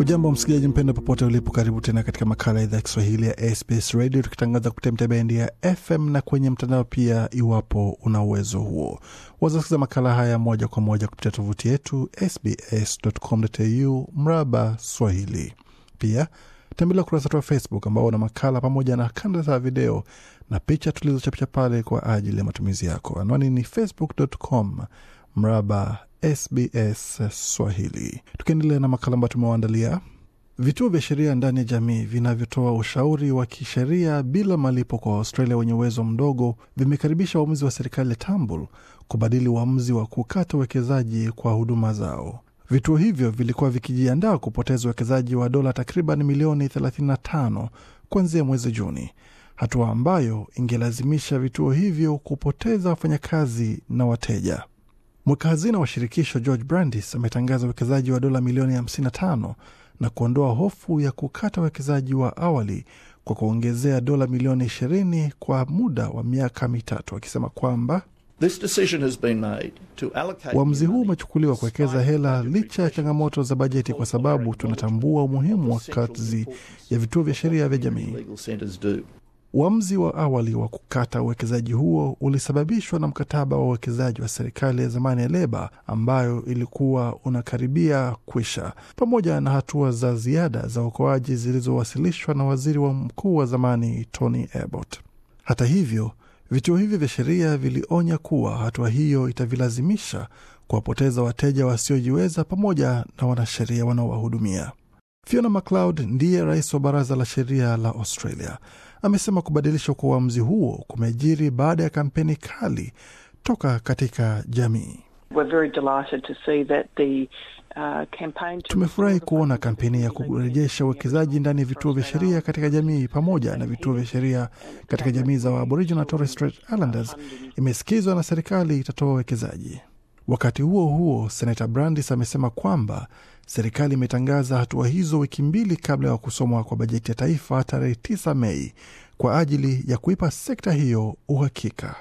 Ujambo msikilizaji mpendo, popote ulipo, karibu tena katika makala ya idhaa ya Kiswahili ya SBS Radio, tukitangaza kupitia mitabendi ya FM na kwenye mtandao pia, iwapo una uwezo huo. Wazasikiza makala haya moja kwa moja kupitia tovuti yetu sbs.com.au mraba swahili. Pia tembelea ukurasa wetu wa Facebook ambao una makala pamoja na kanda za video na picha tulizochapisha pale kwa ajili ya matumizi yako. Anwani ni facebook.com mraba SBS Swahili. Tukiendelea na makala ambayo tumewaandalia, vituo vya sheria ndani ya jamii vinavyotoa ushauri wa kisheria bila malipo kwa Waustralia wenye uwezo mdogo vimekaribisha uamuzi wa serikali ya Tambul kubadili uamuzi wa kukata uwekezaji kwa huduma zao. Vituo hivyo vilikuwa vikijiandaa kupoteza uwekezaji wa dola takriban milioni 35 kuanzia mwezi Juni, hatua ambayo ingelazimisha vituo hivyo kupoteza wafanyakazi na wateja. Mweka hazina wa shirikisho George Brandis ametangaza uwekezaji wa dola milioni 55 na kuondoa hofu ya kukata uwekezaji wa awali kwa kuongezea dola milioni 20 kwa muda wa miaka mitatu, akisema kwamba uamuzi huu umechukuliwa kuwekeza hela licha ya changamoto za bajeti, kwa sababu tunatambua umuhimu wa kazi ya vituo vya sheria vya jamii. Uamuzi wa awali wa kukata uwekezaji huo ulisababishwa na mkataba wa uwekezaji wa serikali ya zamani ya Leba ambayo ilikuwa unakaribia kwisha, pamoja na hatua za ziada za uokoaji zilizowasilishwa na waziri wa mkuu wa zamani Tony Abbott. Hata hivyo, vituo hivi vya sheria vilionya kuwa hatua hiyo itavilazimisha kuwapoteza wateja wasiojiweza pamoja na wanasheria wanaowahudumia. Fiona MacLeod ndiye rais wa baraza la sheria la Australia amesema kubadilishwa kwa uamuzi huo kumejiri baada ya kampeni kali toka katika jamii. Uh, tumefurahi kuona kampeni ya kurejesha uwekezaji ndani ya vituo vya sheria katika jamii pamoja na vituo vya sheria katika jamii za Aboriginal na Torres Strait Islanders imesikizwa na serikali itatoa uwekezaji. Wakati huo huo, senata Brandis amesema kwamba serikali imetangaza hatua hizo wiki mbili kabla ya kusomwa kwa bajeti ya taifa tarehe 9 Mei kwa ajili ya kuipa sekta hiyo uhakika.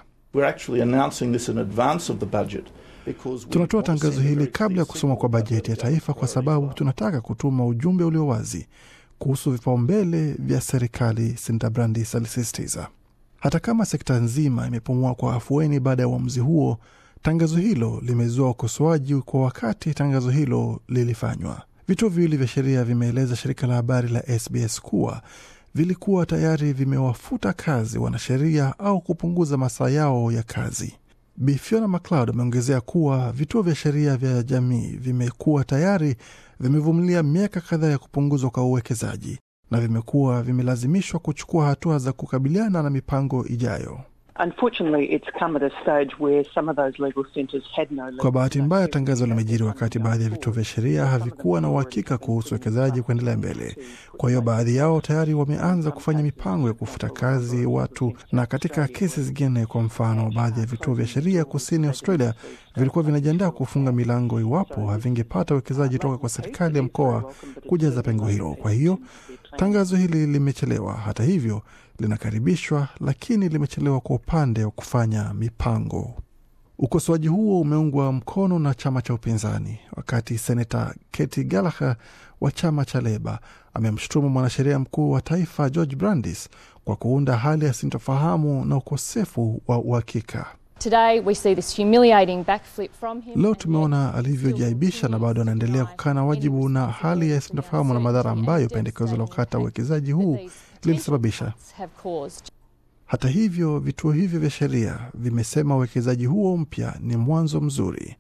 Tunatoa tangazo hili kabla ya kusoma kwa bajeti ya taifa kwa sababu tunataka kutuma ujumbe ulio wazi kuhusu vipaumbele vya serikali, Senata Brandis alisisitiza. Hata kama sekta nzima imepumua kwa afueni baada ya uamuzi huo, Tangazo hilo limezua ukosoaji kwa wakati tangazo hilo lilifanywa. Vituo viwili vya sheria vimeeleza shirika la habari la SBS kuwa vilikuwa tayari vimewafuta kazi wanasheria au kupunguza masaa yao ya kazi. Bi Fiona ameongezea kuwa vituo vya sheria vya jamii vimekuwa tayari vimevumilia miaka kadhaa ya kupunguzwa kwa uwekezaji na vimekuwa vimelazimishwa kuchukua hatua za kukabiliana na mipango ijayo. Kwa bahati mbaya, tangazo limejiri wakati baadhi ya vituo vya sheria havikuwa na uhakika kuhusu uwekezaji kuendelea mbele. Kwa hiyo baadhi yao tayari wameanza kufanya mipango ya kufuta kazi watu, na katika kesi zingine, kwa mfano, baadhi ya vituo vya sheria kusini Australia vilikuwa vinajiandaa kufunga milango iwapo havingepata uwekezaji toka kwa serikali ya mkoa kujaza pengo hilo. Kwa hiyo Tangazo hili limechelewa, hata hivyo linakaribishwa, lakini limechelewa kwa upande wa kufanya mipango. Ukosoaji huo umeungwa mkono na chama cha upinzani, wakati senata Katie Gallagher wa chama cha Leba amemshutumu mwanasheria mkuu wa taifa George Brandis kwa kuunda hali ya sintofahamu na ukosefu wa uhakika. Leo tumeona alivyojaibisha na bado anaendelea kukana wajibu na hali ya sintofahamu na madhara ambayo pendekezo la kukata uwekezaji huu lilisababisha. Hata hivyo, vituo hivyo vya sheria vimesema uwekezaji huo mpya ni mwanzo mzuri,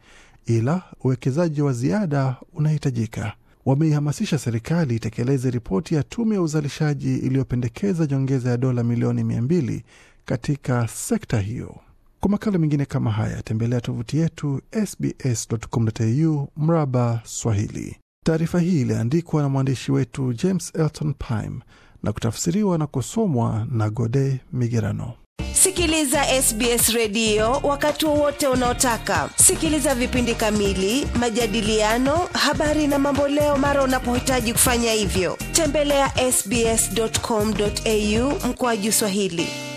ila uwekezaji wa ziada unahitajika. Wameihamasisha serikali itekeleze ripoti ya tume ya uzalishaji iliyopendekeza nyongeza ya dola milioni mia mbili katika sekta hiyo. Kwa makala mengine kama haya, tembelea tovuti yetu sbs.com.au mraba Swahili. Taarifa hii iliandikwa na mwandishi wetu James Elton Pime na kutafsiriwa na kusomwa na Gode Migerano. Sikiliza SBS redio wakati wowote unaotaka. Sikiliza vipindi kamili, majadiliano, habari na mamboleo mara unapohitaji kufanya hivyo. Tembelea ya sbs.com.au mkoaju Swahili.